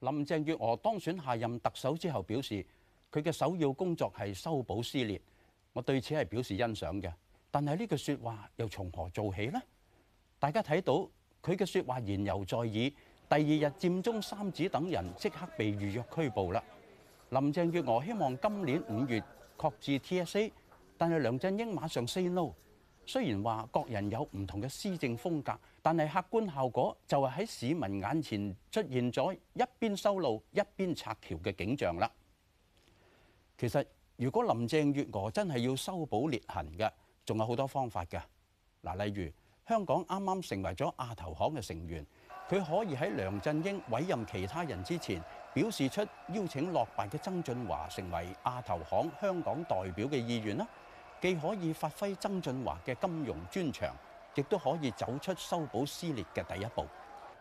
林鄭月娥當選下任特首之後，表示佢嘅首要工作係修補撕裂，我對此係表示欣賞嘅。但係呢句說話又從何做起呢？大家睇到佢嘅說話言猶在耳，第二日佔中三子等人即刻被預約拘捕啦。林鄭月娥希望今年五月確置 TSA。但係梁振英馬上 say no，雖然話各人有唔同嘅施政風格，但係客觀效果就係喺市民眼前出現咗一邊修路一邊拆橋嘅景象啦。其實如果林鄭月娥真係要修補裂痕嘅，仲有好多方法㗎。嗱，例如香港啱啱成為咗亞投行嘅成員，佢可以喺梁振英委任其他人之前，表示出邀請落敗嘅曾俊華成為亞投行香港代表嘅意願啦。既可以發揮曾俊華嘅金融專長，亦都可以走出修補撕裂嘅第一步。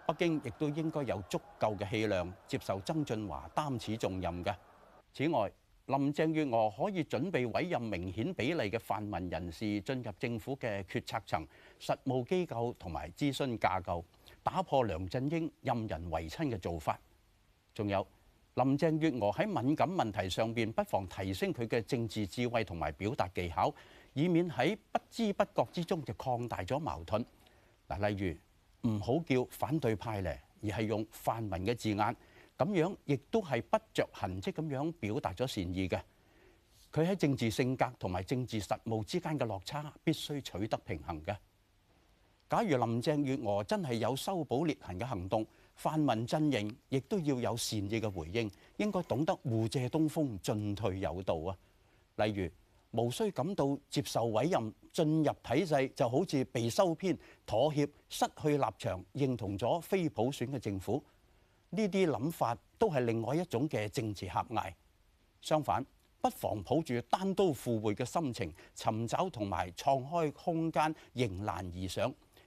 北京亦都應該有足夠嘅氣量接受曾俊華擔此重任嘅。此外，林鄭月娥可以準備委任明顯比例嘅泛民人士進入政府嘅決策層、實務機構同埋諮詢架構，打破梁振英任人唯親嘅做法。仲有。林鄭月娥喺敏感問題上邊，不妨提升佢嘅政治智慧同埋表達技巧，以免喺不知不覺之中就擴大咗矛盾。嗱，例如唔好叫反對派咧，而係用泛民嘅字眼，咁樣亦都係不著痕跡咁樣表達咗善意嘅。佢喺政治性格同埋政治實務之間嘅落差，必須取得平衡嘅。假如林鄭月娥真係有修補裂痕嘅行動，泛民陣營亦都要有善意嘅回應，應該懂得互借東風，進退有道啊！例如，無需感到接受委任進入體制就好似被收編、妥協、失去立場，認同咗非普選嘅政府，呢啲諗法都係另外一種嘅政治狹隘。相反，不妨抱住單刀赴會嘅心情，尋找同埋創開空間，迎難而上。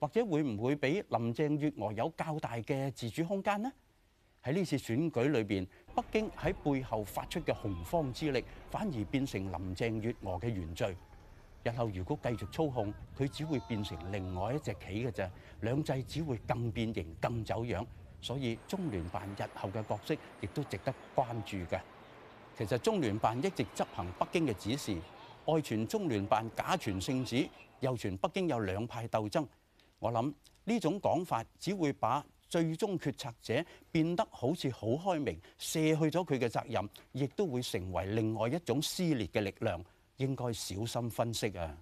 或者會唔會俾林鄭月娥有較大嘅自主空間呢？喺呢次選舉裏邊，北京喺背後發出嘅洪荒之力，反而變成林鄭月娥嘅原罪。日後如果繼續操控佢，只會變成另外一隻棋嘅啫。兩制只會更變形、更走樣，所以中聯辦日後嘅角色亦都值得關注嘅。其實中聯辦一直執行北京嘅指示，外傳中聯辦假傳聖旨，又傳北京有兩派鬥爭。我諗呢種講法，只會把最終決策者變得好似好開明，卸去咗佢嘅責任，亦都會成為另外一種撕裂嘅力量，應該小心分析啊。